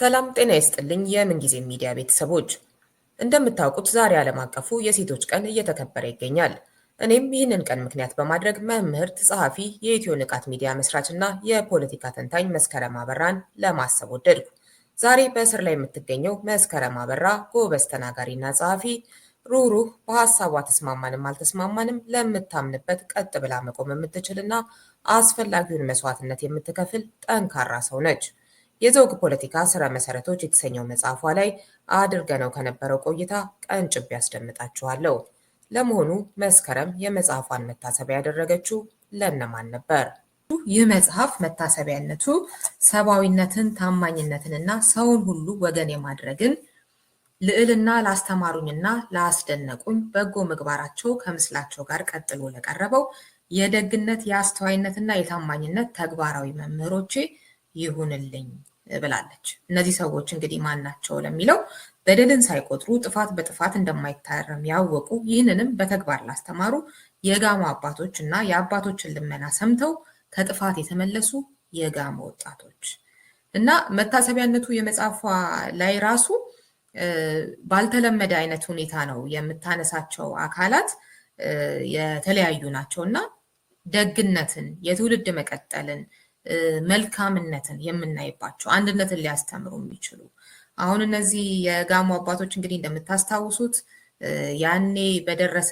ሰላም ጤና ይስጥልኝ የምንጊዜ ሚዲያ ቤተሰቦች፣ እንደምታውቁት ዛሬ ዓለም አቀፉ የሴቶች ቀን እየተከበረ ይገኛል። እኔም ይህንን ቀን ምክንያት በማድረግ መምህርት፣ ጸሐፊ፣ የኢትዮ ንቃት ሚዲያ መስራችና የፖለቲካ ተንታኝ መስከረም አበራን ለማሰብ ወደድኩ። ዛሬ በእስር ላይ የምትገኘው መስከረም አበራ ጎበዝ ተናጋሪና ጸሐፊ ሩህሩህ በሀሳቧ ተስማማንም አልተስማማንም ለምታምንበት ቀጥ ብላ መቆም የምትችልና አስፈላጊውን መስዋዕትነት የምትከፍል ጠንካራ ሰው ነች። የዘውግ ፖለቲካ ሥረ መሠረቶች የተሰኘው መጽሐፏ ላይ አድርገነው ከነበረው ቆይታ ቀንጭቤ ያስደምጣችኋለሁ። ለመሆኑ መስከረም የመጽሐፏን መታሰቢያ ያደረገችው ለነማን ነበር? ይህ መጽሐፍ መታሰቢያነቱ ሰብአዊነትን፣ ታማኝነትንና ሰውን ሁሉ ወገን የማድረግን ልዕልና ላስተማሩኝና ላስደነቁኝ በጎ ምግባራቸው ከምስላቸው ጋር ቀጥሎ ለቀረበው የደግነት የአስተዋይነትና የታማኝነት ተግባራዊ መምህሮቼ ይሁንልኝ ብላለች። እነዚህ ሰዎች እንግዲህ ማን ናቸው ለሚለው በደልን ሳይቆጥሩ ጥፋት በጥፋት እንደማይታረም ያወቁ ይህንንም በተግባር ላስተማሩ የጋሞ አባቶች እና የአባቶችን ልመና ሰምተው ከጥፋት የተመለሱ የጋሞ ወጣቶች እና መታሰቢያነቱ የመጽሐፏ ላይ ራሱ ባልተለመደ አይነት ሁኔታ ነው የምታነሳቸው አካላት የተለያዩ ናቸው እና ደግነትን፣ የትውልድ መቀጠልን መልካምነትን የምናይባቸው አንድነትን ሊያስተምሩ የሚችሉ አሁን እነዚህ የጋሞ አባቶች እንግዲህ እንደምታስታውሱት ያኔ በደረሰ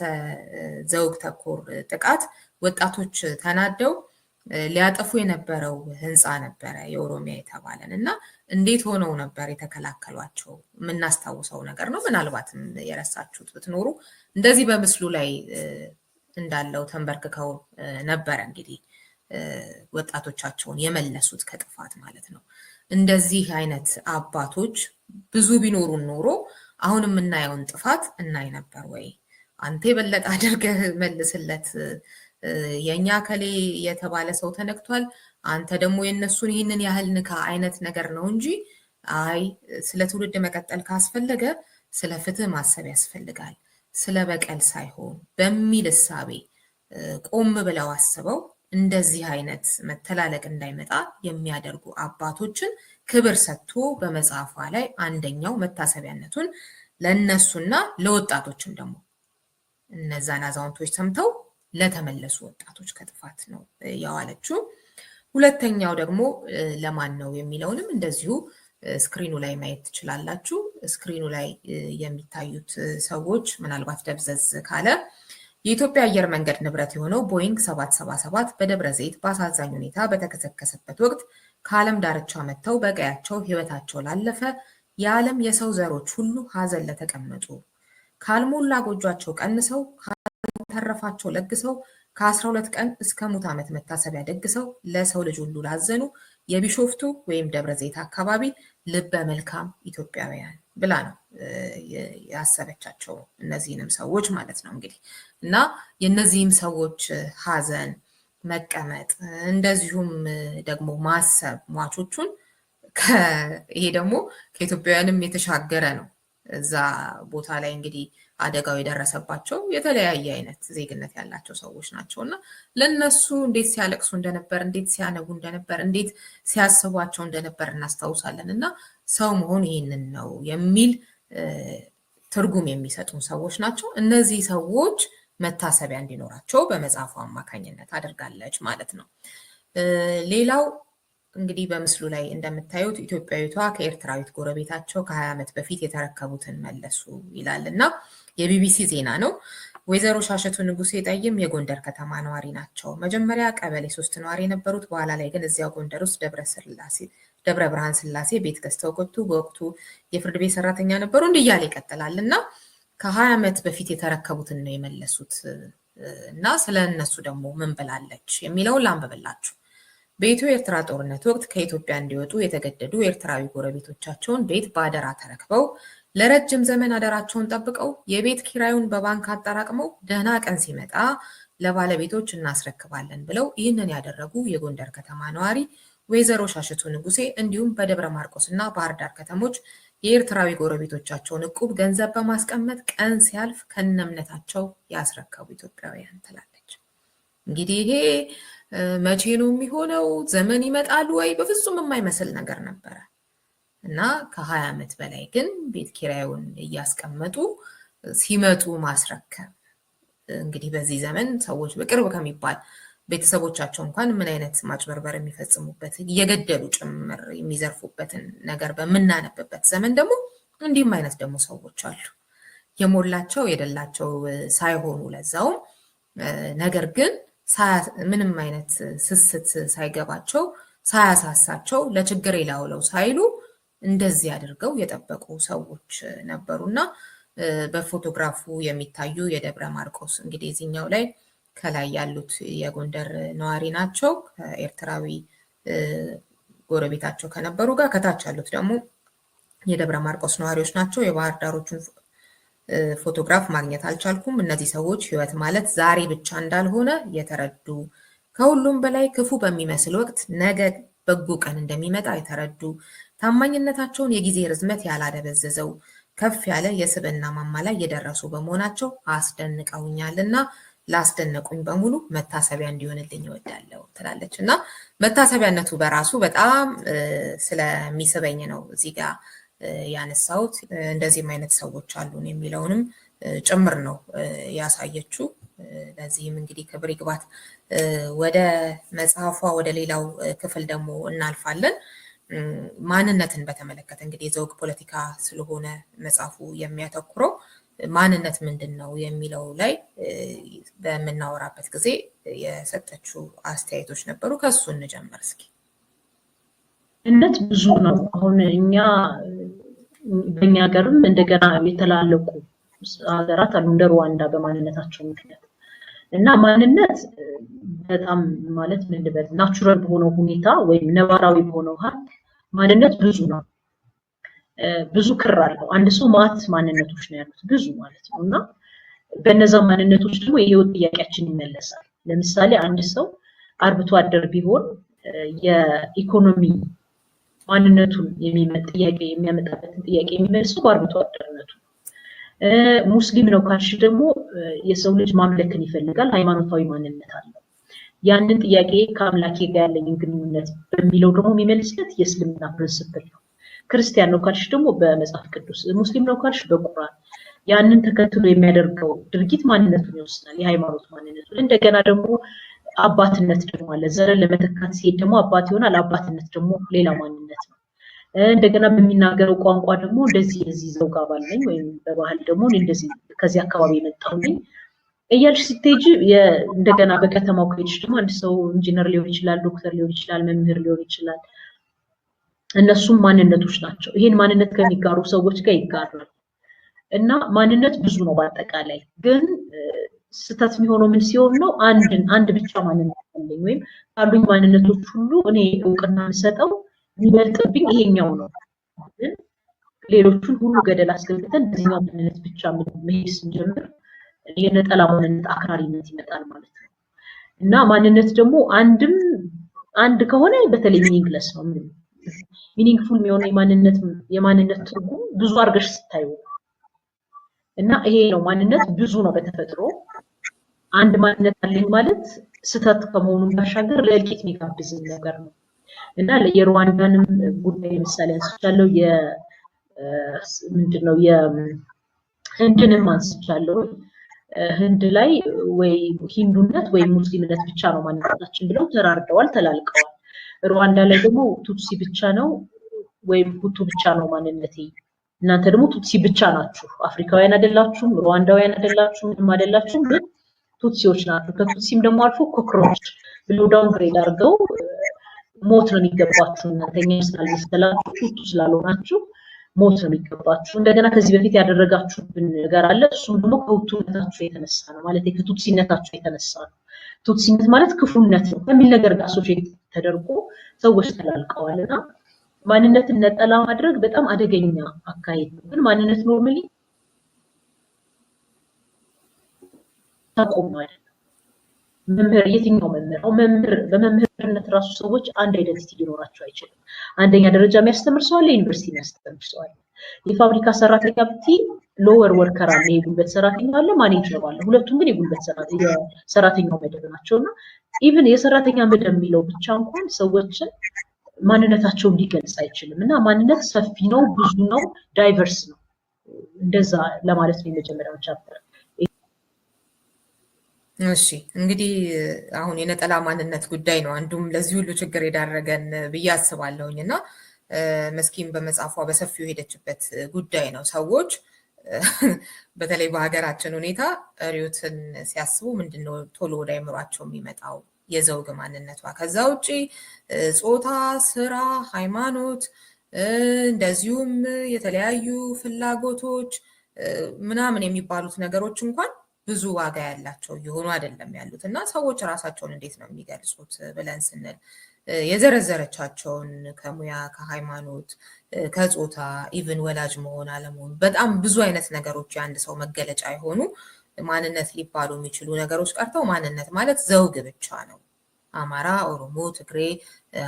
ዘውግ ተኮር ጥቃት ወጣቶች ተናደው ሊያጠፉ የነበረው ህንፃ ነበረ የኦሮሚያ የተባለን እና እንዴት ሆነው ነበር የተከላከሏቸው የምናስታውሰው ነገር ነው። ምናልባትም የረሳችሁት ብትኖሩ እንደዚህ በምስሉ ላይ እንዳለው ተንበርክከው ነበረ እንግዲህ ወጣቶቻቸውን የመለሱት ከጥፋት ማለት ነው። እንደዚህ አይነት አባቶች ብዙ ቢኖሩን ኖሮ አሁን የምናየውን ጥፋት እናይ ነበር ወይ? አንተ የበለጠ አድርገህ መልስለት። የእኛ ከሌ የተባለ ሰው ተነክቷል፣ አንተ ደግሞ የእነሱን ይህንን ያህል ንካ አይነት ነገር ነው እንጂ አይ ስለ ትውልድ መቀጠል ካስፈለገ ስለ ፍትህ ማሰብ ያስፈልጋል፣ ስለ በቀል ሳይሆን በሚል እሳቤ ቆም ብለው አስበው እንደዚህ አይነት መተላለቅ እንዳይመጣ የሚያደርጉ አባቶችን ክብር ሰጥቶ በመጽሐፏ ላይ አንደኛው መታሰቢያነቱን ለእነሱና ለወጣቶችም ደግሞ እነዛን አዛውንቶች ሰምተው ለተመለሱ ወጣቶች ከጥፋት ነው ያዋለችው። ሁለተኛው ደግሞ ለማን ነው የሚለውንም እንደዚሁ ስክሪኑ ላይ ማየት ትችላላችሁ። ስክሪኑ ላይ የሚታዩት ሰዎች ምናልባት ደብዘዝ ካለ የኢትዮጵያ አየር መንገድ ንብረት የሆነው ቦይንግ 777 በደብረ ዘይት በአሳዛኝ ሁኔታ በተከሰከሰበት ወቅት ከዓለም ዳርቻ መጥተው በቀያቸው ሕይወታቸው ላለፈ የዓለም የሰው ዘሮች ሁሉ ሀዘን ለተቀመጡ ካልሞላ ጎጇቸው ቀንሰው ካልተረፋቸው ለግሰው ከ12 ቀን እስከ ሙት ዓመት መታሰቢያ ደግሰው ለሰው ልጅ ሁሉ ላዘኑ የቢሾፍቱ ወይም ደብረ ዘይት አካባቢ ልበ መልካም ኢትዮጵያውያን ብላ ነው ያሰበቻቸው እነዚህንም ሰዎች ማለት ነው እንግዲህ እና የእነዚህም ሰዎች ሀዘን መቀመጥ እንደዚሁም ደግሞ ማሰብ ሟቾቹን ይሄ ደግሞ ከኢትዮጵያውያንም የተሻገረ ነው እዛ ቦታ ላይ እንግዲህ አደጋው የደረሰባቸው የተለያየ አይነት ዜግነት ያላቸው ሰዎች ናቸው እና ለእነሱ እንዴት ሲያለቅሱ እንደነበር፣ እንዴት ሲያነቡ እንደነበር፣ እንዴት ሲያስቧቸው እንደነበር እናስታውሳለን እና ሰው መሆን ይህንን ነው የሚል ትርጉም የሚሰጡን ሰዎች ናቸው። እነዚህ ሰዎች መታሰቢያ እንዲኖራቸው በመጽሐፉ አማካኝነት አድርጋለች ማለት ነው። ሌላው እንግዲህ በምስሉ ላይ እንደምታዩት ኢትዮጵያዊቷ ከኤርትራዊት ጎረቤታቸው ከ20 ዓመት በፊት የተረከቡትን መለሱ ይላል እና የቢቢሲ ዜና ነው። ወይዘሮ ሻሸቱ ንጉሴ ጠይም የጎንደር ከተማ ነዋሪ ናቸው። መጀመሪያ ቀበሌ ሶስት ነዋሪ የነበሩት በኋላ ላይ ግን እዚያው ጎንደር ውስጥ ደብረ ብርሃን ስላሴ ቤት ገዝተው ገብቱ በወቅቱ የፍርድ ቤት ሰራተኛ ነበሩ። እንዲህ እያለ ይቀጥላል እና ከ20 ዓመት በፊት የተረከቡትን ነው የመለሱት እና ስለ እነሱ ደግሞ ምን ብላለች የሚለውን ላንብብላችሁ። በኢትዮ ኤርትራ ጦርነት ወቅት ከኢትዮጵያ እንዲወጡ የተገደዱ ኤርትራዊ ጎረቤቶቻቸውን ቤት በአደራ ተረክበው ለረጅም ዘመን አደራቸውን ጠብቀው የቤት ኪራዩን በባንክ አጠራቅመው ደህና ቀን ሲመጣ ለባለቤቶች እናስረክባለን ብለው ይህንን ያደረጉ የጎንደር ከተማ ነዋሪ ወይዘሮ ሻሽቱ ንጉሴ እንዲሁም በደብረ ማርቆስ እና ባህር ዳር ከተሞች የኤርትራዊ ጎረቤቶቻቸውን እቁብ ገንዘብ በማስቀመጥ ቀን ሲያልፍ እምነታቸው ያስረከቡ ኢትዮጵያውያን ትላለች። እንግዲህ ይሄ መቼ ነው የሚሆነው? ዘመን ይመጣል ወይ? በፍጹም የማይመስል ነገር ነበረ እና ከሀያ ዓመት በላይ ግን ቤት ኪራዩን እያስቀመጡ ሲመጡ ማስረከብ እንግዲህ በዚህ ዘመን ሰዎች በቅርብ ከሚባል ቤተሰቦቻቸው እንኳን ምን አይነት ማጭበርበር የሚፈጽሙበት እየገደሉ ጭምር የሚዘርፉበትን ነገር በምናነብበት ዘመን ደግሞ እንዲህም አይነት ደግሞ ሰዎች አሉ። የሞላቸው የደላቸው ሳይሆኑ ለዛውም ነገር ግን ምንም አይነት ስስት ሳይገባቸው ሳያሳሳቸው ለችግር ላውለው ሳይሉ እንደዚህ አድርገው የጠበቁ ሰዎች ነበሩ እና በፎቶግራፉ የሚታዩ የደብረ ማርቆስ እንግዲህ እዚኛው ላይ ከላይ ያሉት የጎንደር ነዋሪ ናቸው ከኤርትራዊ ጎረቤታቸው ከነበሩ ጋር ከታች ያሉት ደግሞ የደብረ ማርቆስ ነዋሪዎች ናቸው። የባህር ዳሮቹን ፎቶግራፍ ማግኘት አልቻልኩም። እነዚህ ሰዎች ህይወት ማለት ዛሬ ብቻ እንዳልሆነ የተረዱ ከሁሉም በላይ ክፉ በሚመስል ወቅት ነገ በጎ ቀን እንደሚመጣ የተረዱ ታማኝነታቸውን የጊዜ ርዝመት ያላደበዘዘው ከፍ ያለ የስብዕና ማማ ላይ የደረሱ በመሆናቸው አስደንቀውኛል እና ላስደነቁኝ በሙሉ መታሰቢያ እንዲሆንልኝ እወዳለሁ ትላለች እና መታሰቢያነቱ በራሱ በጣም ስለሚስበኝ ነው እዚህ ጋር ያነሳሁት እንደዚህም አይነት ሰዎች አሉን የሚለውንም ጭምር ነው ያሳየችው። ለዚህም እንግዲህ ክብር ይግባት። ወደ መጽሐፏ ወደ ሌላው ክፍል ደግሞ እናልፋለን። ማንነትን በተመለከተ እንግዲህ የዘውግ ፖለቲካ ስለሆነ መጽሐፉ የሚያተኩረው ማንነት ምንድን ነው የሚለው ላይ በምናወራበት ጊዜ የሰጠችው አስተያየቶች ነበሩ። ከእሱ እንጀምር እስኪ። ማንነት ብዙ ነው። አሁን እኛ በእኛ ሀገርም እንደገና የተላለቁ ሀገራት አሉ እንደ ሩዋንዳ በማንነታቸው ምክንያት እና ማንነት በጣም ማለት ምን ልበል ናቹራል በሆነው ሁኔታ ወይም ነባራዊ በሆነው ሀብት ማንነት ብዙ ነው። ብዙ ክር አለው። አንድ ሰው ማት ማንነቶች ነው ያሉት ብዙ ማለት ነው እና በነዛ ማንነቶች ደግሞ የህይወት ጥያቄያችን ይመለሳል። ለምሳሌ አንድ ሰው አርብቶ አደር ቢሆን የኢኮኖሚ ማንነቱን ጥያቄ የሚያመጣበትን ጥያቄ የሚመልሰው በአርብቶ አደርነቱ። ሙስሊም ነው ካልሽ ደግሞ የሰው ልጅ ማምለክን ይፈልጋል፣ ሃይማኖታዊ ማንነት አለው። ያንን ጥያቄ ከአምላኬ ጋር ያለኝን ግንኙነት በሚለው ደግሞ የሚመልስለት የእስልምና ፕሪንስፕል ነው። ክርስቲያን ነው ካልሽ ደግሞ በመጽሐፍ ቅዱስ፣ ሙስሊም ነው ካልሽ በቁርአን። ያንን ተከትሎ የሚያደርገው ድርጊት ማንነቱን ይወስናል፣ የሃይማኖት ማንነቱን። እንደገና ደግሞ አባትነት ደግሞ አለ። ዘርን ለመተካት ሲሄድ ደግሞ አባት ይሆናል። አባትነት ደግሞ ሌላ ማንነት ነው። እንደገና በሚናገረው ቋንቋ ደግሞ እንደዚህ የዚህ ዘውግ አባል ነኝ ወይም በባህል ደግሞ እንደዚህ ከዚህ አካባቢ የመጣሁኝ እያልሽ ስትሄጂ እንደገና በከተማው ከሄድሽ ደግሞ አንድ ሰው ኢንጂነር ሊሆን ይችላል፣ ዶክተር ሊሆን ይችላል፣ መምህር ሊሆን ይችላል። እነሱም ማንነቶች ናቸው። ይሄን ማንነት ከሚጋሩ ሰዎች ጋር ይጋራል እና ማንነት ብዙ ነው። በአጠቃላይ ግን ስህተት የሚሆነው ምን ሲሆን ነው? አንድን አንድ ብቻ ማንነት አለኝ ወይም ካሉኝ ማንነቶች ሁሉ እኔ እውቅና የምሰጠው የሚበልጥብኝ ይሄኛው ነው። ሌሎቹን ሁሉ ገደል አስገብተን በዚኛው ማንነት ብቻ መሄድ ስንጀምር የነጠላ ማንነት አክራሪነት ይመጣል ማለት ነው። እና ማንነት ደግሞ አንድም አንድ ከሆነ በተለይ ሚኒንግለስ ነው። ሚኒንግፉል የሚሆነው የማንነት የማንነት ትርጉም ብዙ አድርገሽ ስታዩ እና ይሄ ነው ማንነት ብዙ ነው በተፈጥሮ አንድ ማንነት አለኝ ማለት ስህተት ከመሆኑን ባሻገር ለእልቂት የሚጋብዝን ነገር ነው እና የሩዋንዳንም ጉዳይ ለምሳሌ አንስቻለሁ። ምንድን ነው የህንድንም አንስቻለሁ። ህንድ ላይ ወይ ሂንዱነት ወይም ሙስሊምነት ብቻ ነው ማንነታችን ብለው ተራርደዋል፣ ተላልቀዋል። ሩዋንዳ ላይ ደግሞ ቱትሲ ብቻ ነው ወይም ሁቱ ብቻ ነው ማንነቴ እናንተ ደግሞ ቱትሲ ብቻ ናችሁ፣ አፍሪካውያን አይደላችሁም፣ ሩዋንዳውያን አይደላችሁም፣ ምንም አይደላችሁም ግን ቱትሲዎች ናቸው። ከቱትሲም ደግሞ አልፎ ኮክሮች ብሎ ዳውንግሬድ አድርገው ሞት ነው የሚገባችሁ እናንተኛ ስላልመሰላችሁ ቱቱ ስላልሆናችሁ ሞት ነው የሚገባችሁ። እንደገና ከዚህ በፊት ያደረጋችሁብን ነገር አለ። እሱም ደግሞ ከሁቱነታችሁ የተነሳ ነው ማለት ከቱትሲነታችሁ የተነሳ ነው። ቱትሲነት ማለት ክፉነት ነው ከሚል ነገር ጋር አሶሼት ተደርጎ ሰዎች ተላልቀዋል እና ማንነትን ነጠላ ማድረግ በጣም አደገኛ አካሄድ ነው። ግን ማንነት ኖርማሊ ተቆም ነው አይደለም። መምህር የትኛው መምህር ነው መምህር? በመምህርነት ራሱ ሰዎች አንድ አይደንቲቲ ሊኖራቸው አይችልም። አንደኛ ደረጃ የሚያስተምር ሰው አለ፣ ዩኒቨርሲቲ የሚያስተምር ሰው አለ። የፋብሪካ ሰራተኛ ብትይ ሎወር ወርከር አለ፣ የጉልበት ሰራተኛ አለ፣ ማኔጀር አለ። ሁለቱም ግን የጉልበት ሰራተኛው መደብ ናቸው እና ኢቭን የሰራተኛ መደብ የሚለው ብቻ እንኳን ሰዎችን ማንነታቸውን ሊገልጽ አይችልም እና ማንነት ሰፊ ነው፣ ብዙ ነው፣ ዳይቨርስ ነው። እንደዛ ለማለት ነው የመጀመሪያው ቻፕተር እሺ እንግዲህ አሁን የነጠላ ማንነት ጉዳይ ነው አንዱም ለዚህ ሁሉ ችግር የዳረገን ብዬ አስባለሁኝ እና መስኪን በመጻፏ በሰፊው የሄደችበት ጉዳይ ነው። ሰዎች በተለይ በሀገራችን ሁኔታ ሪዮትን ሲያስቡ ምንድነው ቶሎ ወደ አይምሯቸው የሚመጣው የዘውግ ማንነቷ። ከዛ ውጪ ጾታ፣ ስራ፣ ሃይማኖት፣ እንደዚሁም የተለያዩ ፍላጎቶች ምናምን የሚባሉት ነገሮች እንኳን ብዙ ዋጋ ያላቸው እየሆኑ አይደለም ያሉት እና ሰዎች ራሳቸውን እንዴት ነው የሚገልጹት ብለን ስንል የዘረዘረቻቸውን ከሙያ ከሃይማኖት፣ ከጾታ ኢቭን ወላጅ መሆን አለመሆኑ በጣም ብዙ አይነት ነገሮች የአንድ ሰው መገለጫ የሆኑ ማንነት ሊባሉ የሚችሉ ነገሮች ቀርተው ማንነት ማለት ዘውግ ብቻ ነው። አማራ፣ ኦሮሞ፣ ትግሬ፣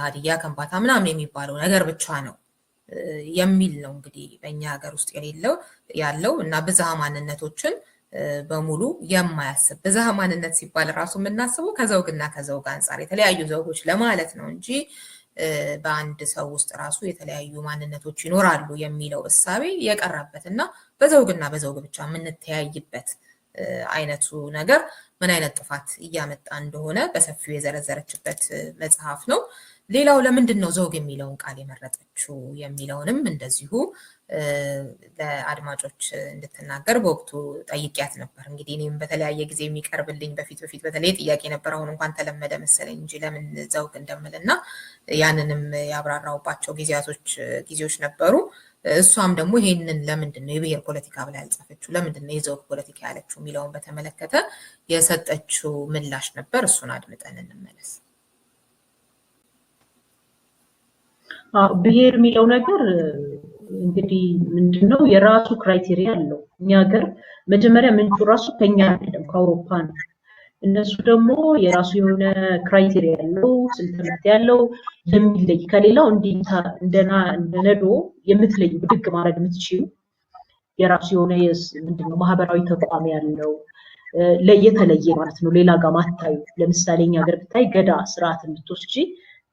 ሀዲያ፣ ከንባታ ምናምን የሚባለው ነገር ብቻ ነው የሚል ነው እንግዲህ በእኛ ሀገር ውስጥ የሌለው ያለው እና ብዝሃ ማንነቶችን በሙሉ የማያስብ ብዝሃ ማንነት ሲባል ራሱ የምናስበው ከዘውግና ከዘውግ አንጻር የተለያዩ ዘውጎች ለማለት ነው እንጂ በአንድ ሰው ውስጥ ራሱ የተለያዩ ማንነቶች ይኖራሉ የሚለው እሳቤ የቀረበት እና በዘውግና በዘውግ ብቻ የምንተያይበት አይነቱ ነገር ምን አይነት ጥፋት እያመጣ እንደሆነ በሰፊው የዘረዘረችበት መጽሐፍ ነው። ሌላው ለምንድን ነው ዘውግ የሚለውን ቃል የመረጠችው የሚለውንም እንደዚሁ ለአድማጮች እንድትናገር በወቅቱ ጠይቂያት ነበር። እንግዲህ እኔም በተለያየ ጊዜ የሚቀርብልኝ በፊት በፊት በተለይ ጥያቄ ነበር። አሁን እንኳን ተለመደ መሰለኝ እንጂ ለምን ዘውግ እንደምል እና ያንንም ያብራራውባቸው ጊዜያቶች ጊዜዎች ነበሩ። እሷም ደግሞ ይሄንን ለምንድን ነው የብሔር ፖለቲካ ብላ ያልጻፈችው ለምንድን ነው የዘውግ ፖለቲካ ያለችው የሚለውን በተመለከተ የሰጠችው ምላሽ ነበር። እሱን አድምጠን እንመለስ። ብሄር የሚለው ነገር እንግዲህ ምንድነው የራሱ ክራይቴሪያ አለው። እኛ ሀገር መጀመሪያ ምንጩ ራሱ ከኛ አይደለም ከአውሮፓ ነው። እነሱ ደግሞ የራሱ የሆነ ክራይቴሪያ ያለው ስልትምርት ያለው የሚለይ ከሌላው እንደና እንደነዶ የምትለይ ብድግ ማድረግ የምትችሉ የራሱ የሆነ ምንድነው ማህበራዊ ተቋም ያለው ለየተለየ ማለት ነው። ሌላ ጋር ማታዩ። ለምሳሌ እኛ ሀገር ብታይ ገዳ ስርዓት የምትወስጂ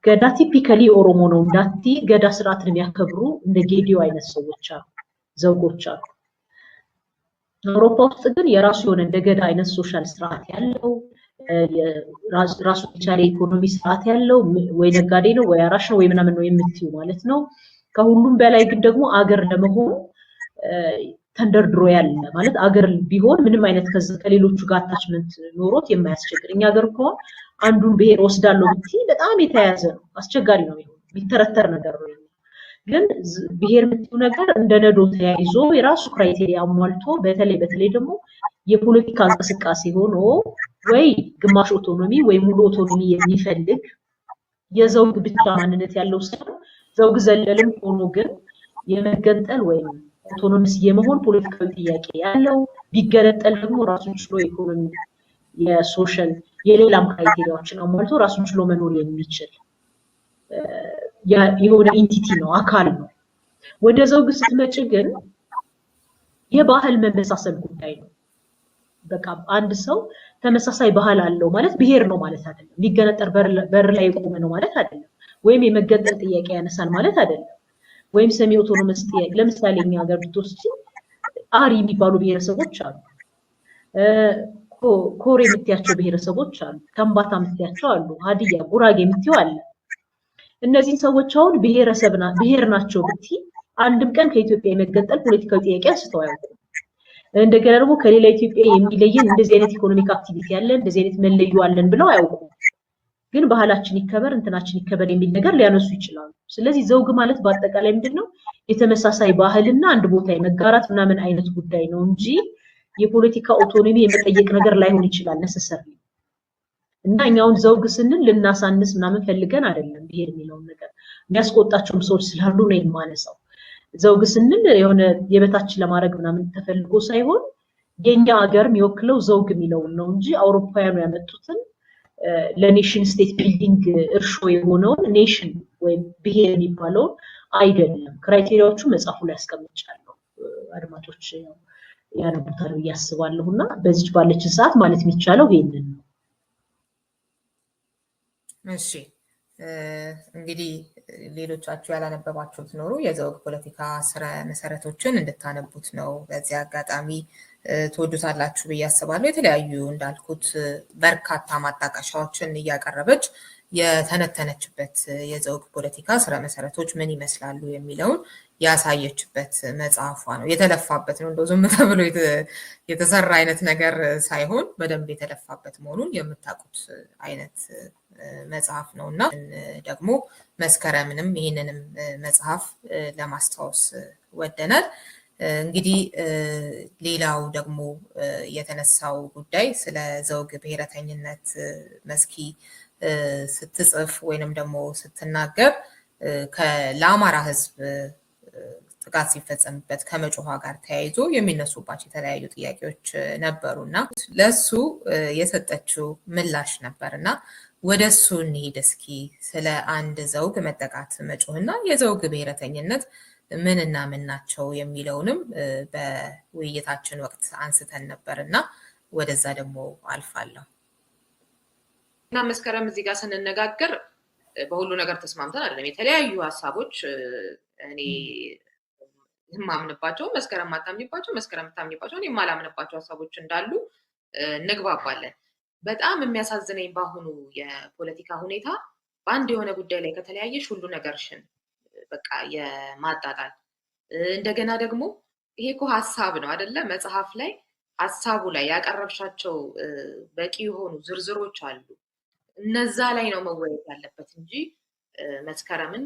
ገዳ ቲፒካሊ ኦሮሞ ነው እንዳቲ ገዳ ስርዓትን የሚያከብሩ እንደ ጌዲዮ አይነት ሰዎች አሉ፣ ዘውጎች አሉ። አውሮፓ ውስጥ ግን የራሱ የሆነ እንደ ገዳ አይነት ሶሻል ስርዓት ያለው ራሱ የቻለ ኢኮኖሚ ስርዓት ያለው ወይ ነጋዴ ነው ወይ አራሽ ነው ወይ ምናምን ነው የምትዩ ማለት ነው። ከሁሉም በላይ ግን ደግሞ አገር ለመሆኑ ተንደርድሮ ያለ ማለት አገር ቢሆን ምንም አይነት ከሌሎቹ ጋር አታችመንት ኖሮት የማያስቸግር እኛ ሀገር ከሆን አንዱን ብሔር ወስዳለሁ ብትይ በጣም የተያያዘ ነው፣ አስቸጋሪ ነው፣ የሚተረተር ነገር ነው። ግን ብሔር የምትይው ነገር እንደ ነዶ ተያይዞ የራሱ ክራይቴሪያ አሟልቶ በተለይ በተለይ ደግሞ የፖለቲካ እንቅስቃሴ ሆኖ ወይ ግማሽ ኦቶኖሚ ወይ ሙሉ ኦቶኖሚ የሚፈልግ የዘውግ ብቻ ማንነት ያለው ሰው ዘውግ ዘለልም ሆኖ ግን የመገንጠል ወይም አውቶኖሚስ የመሆን ፖለቲካዊ ጥያቄ ያለው ቢገነጠል ደግሞ ራሱን ችሎ ኢኮኖሚ፣ የሶሻል የሌላም ክራይቴሪያዎችን አሟልቶ ራሱን ችሎ መኖር የሚችል የሆነ ኢንቲቲ ነው፣ አካል ነው። ወደ ዘውግ ስትመጪ ግን የባህል መመሳሰል ጉዳይ ነው። በቃ አንድ ሰው ተመሳሳይ ባህል አለው ማለት ብሔር ነው ማለት አይደለም። ሊገነጠር በር ላይ የቆመ ነው ማለት አይደለም። ወይም የመገንጠል ጥያቄ ያነሳል ማለት አይደለም። ወይም ሰሚ ኦቶኖመስ ጥያቄ ለምሳሌ እኛ ሀገር ብትወስጂ አሪ የሚባሉ ብሔረሰቦች አሉ። ኮሬ የምትያቸው ብሔረሰቦች አሉ። ከምባታ የምትያቸው አሉ። ሀዲያ፣ ጉራጌ የምትይው አለ። እነዚህን ሰዎች አሁን ብሔረሰብ ብሔር ናቸው ብቲ አንድም ቀን ከኢትዮጵያ የመገንጠል ፖለቲካዊ ጥያቄ አንስተው አያውቁም። እንደገና ደግሞ ከሌላ ኢትዮጵያ የሚለየን እንደዚህ አይነት ኢኮኖሚክ አክቲቪቲ አለን፣ እንደዚህ አይነት መለዩ አለን ብለው አያውቁም። ግን ባህላችን ይከበር እንትናችን ይከበር የሚል ነገር ሊያነሱ ይችላሉ። ስለዚህ ዘውግ ማለት በአጠቃላይ ምንድን ነው? የተመሳሳይ ባህልና አንድ ቦታ የመጋራት ምናምን አይነት ጉዳይ ነው እንጂ የፖለቲካ ኦቶኖሚ የመጠየቅ ነገር ላይሆን ይችላል ነሰሰር እና እኛውን ዘውግ ስንል ልናሳንስ ምናምን ፈልገን አይደለም። ብሄር የሚለውን ነገር የሚያስቆጣቸውም ሰዎች ስላሉ ነው የማነሳው። ዘውግ ስንል የሆነ የበታች ለማድረግ ምናምን ተፈልጎ ሳይሆን የእኛ ሀገር የሚወክለው ዘውግ የሚለውን ነው እንጂ አውሮፓውያኑ ያመጡትን ለኔሽን ስቴት ቢልዲንግ እርሾ የሆነውን ኔሽን ወይም ብሄር የሚባለው አይደለም። ክራይቴሪያዎቹ መጽሐፉ ላይ ያስቀምጫለሁ። አድማጮች ያነቡታል ብዬ አስባለሁ እና በዚች ባለችን ሰዓት ማለት የሚቻለው ይሄንን ነው። እሺ እንግዲህ ሌሎቻችሁ ያላነበባቸው ትኖሩ የዘውግ ፖለቲካ ስረ መሰረቶችን እንድታነቡት ነው በዚህ አጋጣሚ ትወዱታላችሁ ብዬ አስባለሁ። የተለያዩ እንዳልኩት በርካታ ማጣቀሻዎችን እያቀረበች የተነተነችበት የዘውግ ፖለቲካ ስረ መሰረቶች ምን ይመስላሉ የሚለውን ያሳየችበት መጽሐፏ ነው። የተለፋበት ነው። እንደው ዝም ተብሎ የተሰራ አይነት ነገር ሳይሆን በደንብ የተለፋበት መሆኑን የምታውቁት አይነት መጽሐፍ ነው እና ደግሞ መስከረምንም ይህንንም መጽሐፍ ለማስታወስ ወደናል። እንግዲህ ሌላው ደግሞ የተነሳው ጉዳይ ስለ ዘውግ ብሔረተኝነት መስኪ ስትጽፍ ወይንም ደግሞ ስትናገር ለአማራ ህዝብ ጥቃት ሲፈጸምበት ከመጮኋ ጋር ተያይዞ የሚነሱባቸው የተለያዩ ጥያቄዎች ነበሩ እና ለእሱ የሰጠችው ምላሽ ነበር እና ወደ እሱ እንሄድ እስኪ ስለ አንድ ዘውግ መጠቃት መጮህና የዘውግ ብሔረተኝነት ምንና ምን ናቸው የሚለውንም በውይይታችን ወቅት አንስተን ነበር እና ወደዛ ደግሞ አልፋለሁ። እና መስከረም እዚህ ጋር ስንነጋገር በሁሉ ነገር ተስማምተን አይደለም። የተለያዩ ሀሳቦች እኔ የማምንባቸው መስከረም ማታምኝባቸው መስከረም ታምኝባቸው እኔ የማላምንባቸው ሀሳቦች እንዳሉ እንግባባለን። በጣም የሚያሳዝነኝ በአሁኑ የፖለቲካ ሁኔታ በአንድ የሆነ ጉዳይ ላይ ከተለያየሽ ሁሉ ነገርሽን በቃ የማጣጣል እንደገና ደግሞ ይሄ እኮ ሀሳብ ነው አደለ? መጽሐፍ ላይ ሀሳቡ ላይ ያቀረብሻቸው በቂ የሆኑ ዝርዝሮች አሉ እነዛ ላይ ነው መወየት ያለበት እንጂ መስከረምን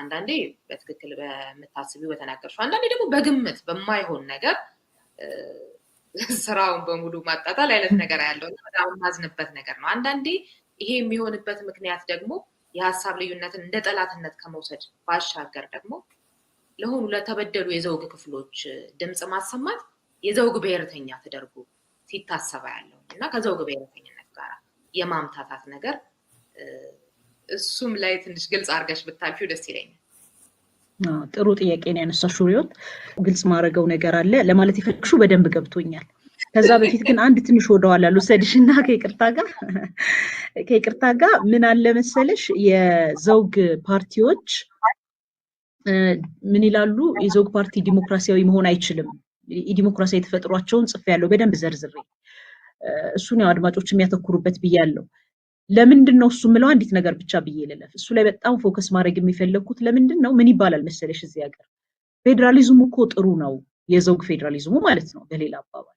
አንዳንዴ በትክክል በምታስቢው በተናገርሽው፣ አንዳንዴ ደግሞ በግምት በማይሆን ነገር ስራውን በሙሉ ማጣጣል አይነት ነገር ያለው በጣም የማዝንበት ነገር ነው። አንዳንዴ ይሄ የሚሆንበት ምክንያት ደግሞ የሀሳብ ልዩነትን እንደ ጠላትነት ከመውሰድ ባሻገር ደግሞ ለሆኑ ለተበደሉ የዘውግ ክፍሎች ድምፅ ማሰማት የዘውግ ብሔርተኛ ተደርጎ ሲታሰባ ያለው እና ከዘውግ ብሔርተኛ የማምታታት ነገር እሱም ላይ ትንሽ ግልጽ አድርገሽ ብታልፊው ደስ ይለኛል። ጥሩ ጥያቄ ነው ያነሳሽው ሪዮት። ግልጽ ማድረገው ነገር አለ ለማለት የፈለግሽው በደንብ ገብቶኛል። ከዛ በፊት ግን አንድ ትንሽ ወደኋላ ልውሰድሽ እና ከይቅርታ ጋር ከይቅርታ ጋር ምን አለ መሰለሽ የዘውግ ፓርቲዎች ምን ይላሉ? የዘውግ ፓርቲ ዲሞክራሲያዊ መሆን አይችልም። የዲሞክራሲያዊ ተፈጥሯቸውን ጽፌያለሁ በደንብ ዘርዝሬ እሱን ያው አድማጮች የሚያተኩሩበት ብዬ ያለው ለምንድን ነው እሱ ምለው አንዲት ነገር ብቻ ብዬ ልለፍ። እሱ ላይ በጣም ፎከስ ማድረግ የሚፈለግኩት ለምንድን ነው ምን ይባላል መሰለሽ እዚህ ሀገር ፌዴራሊዝሙ እኮ ጥሩ ነው፣ የዘውግ ፌዴራሊዝሙ ማለት ነው። በሌላ አባባል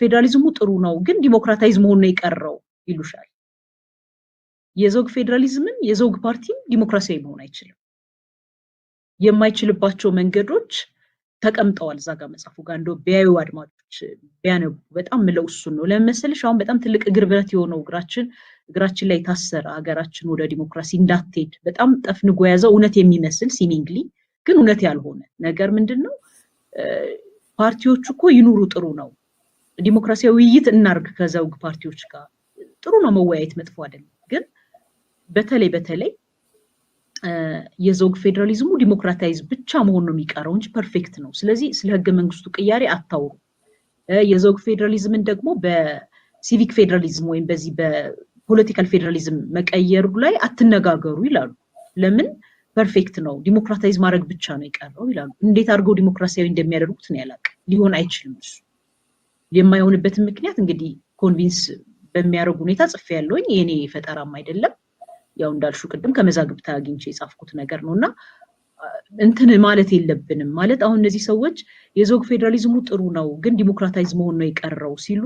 ፌዴራሊዝሙ ጥሩ ነው፣ ግን ዲሞክራታይዝ መሆን ነው የቀረው ይሉሻል። የዘውግ ፌዴራሊዝምን የዘውግ ፓርቲም ዲሞክራሲያዊ መሆን አይችልም። የማይችልባቸው መንገዶች ተቀምጠዋል እዛ ጋር መጽፉ ጋር እንደ ቢያዩ አድማጮ ቢያነቡ በጣም ምለው እሱን ነው። ለምን መሰለሽ አሁን በጣም ትልቅ እግር ብረት የሆነው እግራችን እግራችን ላይ ታሰረ ሀገራችን ወደ ዲሞክራሲ እንዳትሄድ በጣም ጠፍንጎ የያዘው እውነት የሚመስል ሲሚንግሊ ግን እውነት ያልሆነ ነገር ምንድን ነው? ፓርቲዎቹ እኮ ይኑሩ ጥሩ ነው፣ ዲሞክራሲያዊ ውይይት እናርግ ከዘውግ ፓርቲዎች ጋር ጥሩ ነው መወያየት፣ መጥፎ አይደለም። ግን በተለይ በተለይ የዘውግ ፌዴራሊዝሙ ዲሞክራታይዝ ብቻ መሆን ነው የሚቀረው እንጂ ፐርፌክት ነው። ስለዚህ ስለ ህገ መንግስቱ ቅያሬ አታውሩ የዘውግ ፌዴራሊዝምን ደግሞ በሲቪክ ፌዴራሊዝም ወይም በዚህ በፖለቲካል ፌዴራሊዝም መቀየሩ ላይ አትነጋገሩ ይላሉ። ለምን ፐርፌክት ነው፣ ዲሞክራታይዝ ማድረግ ብቻ ነው የቀረው ይላሉ። እንዴት አድርገው ዲሞክራሲያዊ እንደሚያደርጉት ነው ያላቅ። ሊሆን አይችልም። እሱ የማይሆንበትን ምክንያት እንግዲህ ኮንቪንስ በሚያደርጉ ሁኔታ ጽፌ ያለውኝ የኔ ፈጠራም አይደለም ያው እንዳልሹ ቅድም ከመዛግብት አግኝቼ የጻፍኩት ነገር ነው እና እንትን ማለት የለብንም ማለት አሁን እነዚህ ሰዎች የዞግ ፌዴራሊዝሙ ጥሩ ነው ግን ዲሞክራታይዝ መሆን ነው የቀረው ሲሉ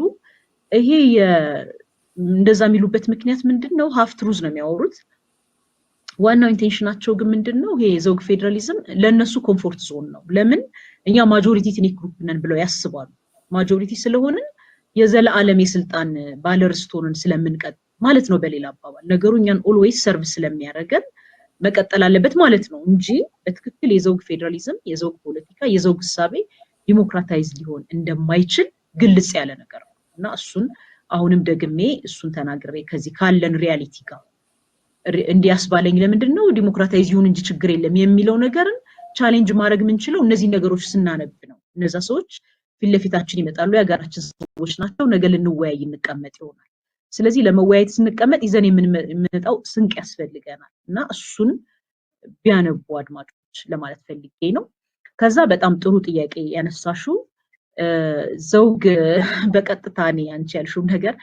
ይሄ እንደዛ የሚሉበት ምክንያት ምንድን ነው? ሀፍ ትሩዝ ነው የሚያወሩት። ዋናው ኢንቴንሽናቸው ግን ምንድን ነው? ይሄ የዘውግ ፌዴራሊዝም ለእነሱ ኮምፎርት ዞን ነው። ለምን እኛ ማጆሪቲ ትኒክ ግሩፕ ነን ብለው ያስባሉ። ማጆሪቲ ስለሆንን የዘለዓለም የስልጣን ባለርስቶንን ስለምንቀጥ ማለት ነው። በሌላ አባባል ነገሩ እኛን ኦልዌይስ ሰርቭ ስለሚያደርገን መቀጠል አለበት ማለት ነው እንጂ በትክክል የዘውግ ፌዴራሊዝም፣ የዘውግ ፖለቲካ፣ የዘውግ ህሳቤ ዲሞክራታይዝ ሊሆን እንደማይችል ግልጽ ያለ ነገር ነው እና እሱን አሁንም ደግሜ እሱን ተናግሬ ከዚህ ካለን ሪያሊቲ ጋር እንዲያስባለኝ ለምንድን ነው ዲሞክራታይዝ ይሁን እንጂ ችግር የለም የሚለው ነገርን ቻሌንጅ ማድረግ የምንችለው እነዚህ ነገሮች ስናነብ ነው። እነዛ ሰዎች ፊት ለፊታችን ይመጣሉ። የሀገራችን ሰዎች ናቸው። ነገ ልንወያይ እንቀመጥ ይሆናል። ስለዚህ ለመወያየት ስንቀመጥ ይዘን የምንመጣው ስንቅ ያስፈልገናል እና እሱን ቢያነቡ አድማጮች ለማለት ፈልጌ ነው። ከዛ በጣም ጥሩ ጥያቄ ያነሳሹ ዘውግ በቀጥታ ኔ አንቺ ያልሽው ነገር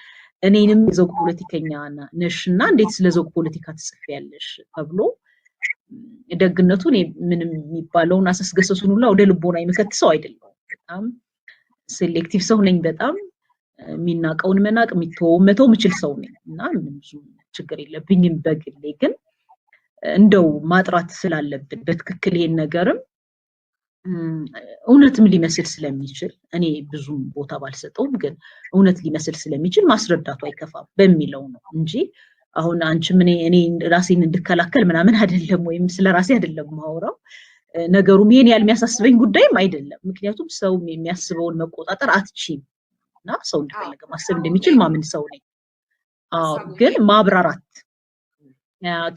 እኔንም የዘውግ ፖለቲከኛ ነሽ እና እንዴት ስለ ዘውግ ፖለቲካ ያለሽ ተብሎ ደግነቱ እኔ ምንም የሚባለውን አሰስገሰሱን ሁላ ወደ ልቦና የምከት ሰው አይደለም በጣም ሴሌክቲቭ ሰው ነኝ። በጣም የሚናቀውን መናቅ የሚተወው መተው የምችል ሰው ነኝ እና ብዙ ችግር የለብኝም በግሌ ግን እንደው ማጥራት ስላለብን በትክክል ይሄን ነገርም እውነትም ሊመስል ስለሚችል እኔ ብዙም ቦታ ባልሰጠውም ግን እውነት ሊመስል ስለሚችል ማስረዳቱ አይከፋም በሚለው ነው እንጂ አሁን አንቺም እኔ ራሴን እንድከላከል ምናምን አይደለም ወይም ስለ ራሴ አይደለም ማውራው ነገሩም ይሄን ያህል የሚያሳስበኝ ጉዳይም አይደለም። ምክንያቱም ሰውም የሚያስበውን መቆጣጠር አትችም እና ሰው እንደፈለገ ማሰብ እንደሚችል ማምን ሰው ነኝ። ግን ማብራራት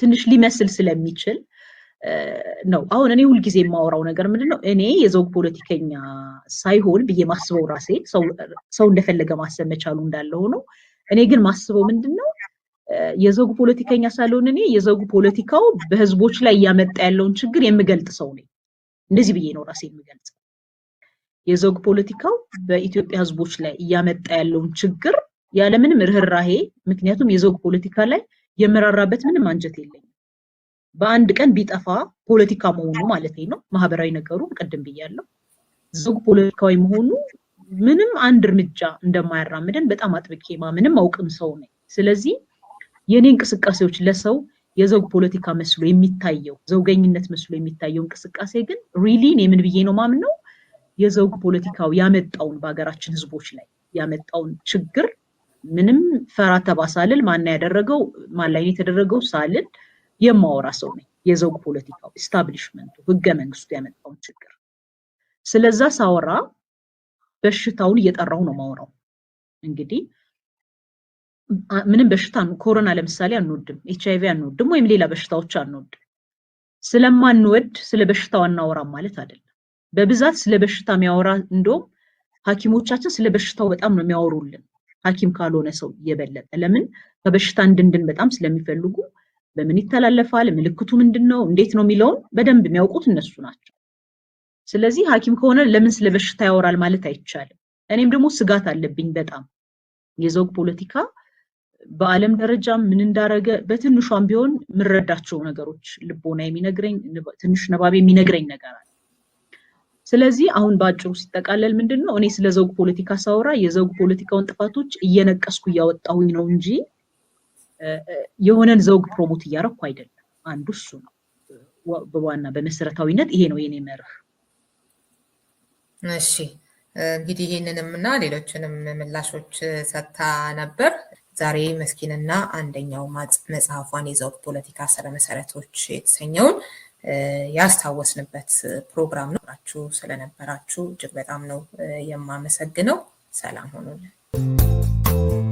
ትንሽ ሊመስል ስለሚችል ነው። አሁን እኔ ሁልጊዜ የማወራው ነገር ምንድን ነው፣ እኔ የዘውግ ፖለቲከኛ ሳይሆን ብዬ ማስበው ራሴ ሰው እንደፈለገ ማሰብ መቻሉ እንዳለ ሆኖ እኔ ግን ማስበው ምንድን ነው የዘውግ ፖለቲከኛ ሳልሆን እኔ የዘውግ ፖለቲካው በህዝቦች ላይ እያመጣ ያለውን ችግር የምገልጥ ሰው ነኝ። እንደዚህ ብዬ ነው ራሴ የምገልጽ የዘውግ ፖለቲካው በኢትዮጵያ ህዝቦች ላይ እያመጣ ያለውን ችግር ያለምንም ርኅራሄ፣ ምክንያቱም የዘውግ ፖለቲካ ላይ የመራራበት ምንም አንጀት የለኝም። በአንድ ቀን ቢጠፋ ፖለቲካ መሆኑ ማለት ነው። ማህበራዊ ነገሩ ቅድም ብያለው፣ ዘውግ ፖለቲካዊ መሆኑ ምንም አንድ እርምጃ እንደማያራምደን በጣም አጥብቄ ማምንም አውቅም ሰው ነኝ። ስለዚህ የእኔ እንቅስቃሴዎች ለሰው የዘውግ ፖለቲካ መስሎ የሚታየው ዘውገኝነት መስሎ የሚታየው እንቅስቃሴ ግን ሪሊ እኔ ምን ብዬ ነው ማምነው የዘውግ ፖለቲካው ያመጣውን በሀገራችን ህዝቦች ላይ ያመጣውን ችግር ምንም ፈራ ተባ ሳልል ማና ያደረገው ማን ላይ የተደረገው ሳልል የማወራ ሰው ነኝ። የዘውግ ፖለቲካው ኢስታብሊሽመንቱ ህገ መንግስቱ ያመጣውን ችግር ስለዛ ሳወራ በሽታውን እየጠራው ነው ማውራው እንግዲህ ምንም በሽታ ኮሮና ለምሳሌ አንወድም፣ ኤች አይቪ አንወድም፣ ወይም ሌላ በሽታዎች አንወድም። ስለማንወድ ስለ በሽታው አናወራም ማለት አይደለም። በብዛት ስለ በሽታ የሚያወራ እንደውም ሐኪሞቻችን ስለ በሽታው በጣም ነው የሚያወሩልን ሐኪም ካልሆነ ሰው የበለጠ ለምን ከበሽታ እንድንድን በጣም ስለሚፈልጉ በምን ይተላለፋል፣ ምልክቱ ምንድን ነው፣ እንዴት ነው የሚለውን በደንብ የሚያውቁት እነሱ ናቸው። ስለዚህ ሐኪም ከሆነ ለምን ስለ በሽታ ያወራል ማለት አይቻልም። እኔም ደግሞ ስጋት አለብኝ በጣም የዘውግ ፖለቲካ በዓለም ደረጃ ምን እንዳረገ በትንሿም ቢሆን የምረዳቸው ነገሮች ልቦና የሚነግረኝ ትንሽ ነባቤ የሚነግረኝ ነገር አለ። ስለዚህ አሁን በአጭሩ ሲጠቃለል ምንድን ነው እኔ ስለ ዘውግ ፖለቲካ ሳወራ የዘውግ ፖለቲካውን ጥፋቶች እየነቀስኩ እያወጣሁኝ ነው እንጂ የሆነን ዘውግ ፕሮሞት እያረኩ አይደለም። አንዱ እሱ ነው። በዋና በመሰረታዊነት ይሄ ነው የኔ መርህ። እሺ እንግዲህ ይህንንም እና ሌሎችንም ምላሾች ሰጥታ ነበር። ዛሬ መስኪንና አንደኛው መጽሐፏን የዘውግ ፖለቲካ ስለመሰረቶች መሰረቶች የተሰኘውን ያስታወስንበት ፕሮግራም ነው። ናችሁ ስለነበራችሁ እጅግ በጣም ነው የማመሰግነው። ሰላም ሆኑልን።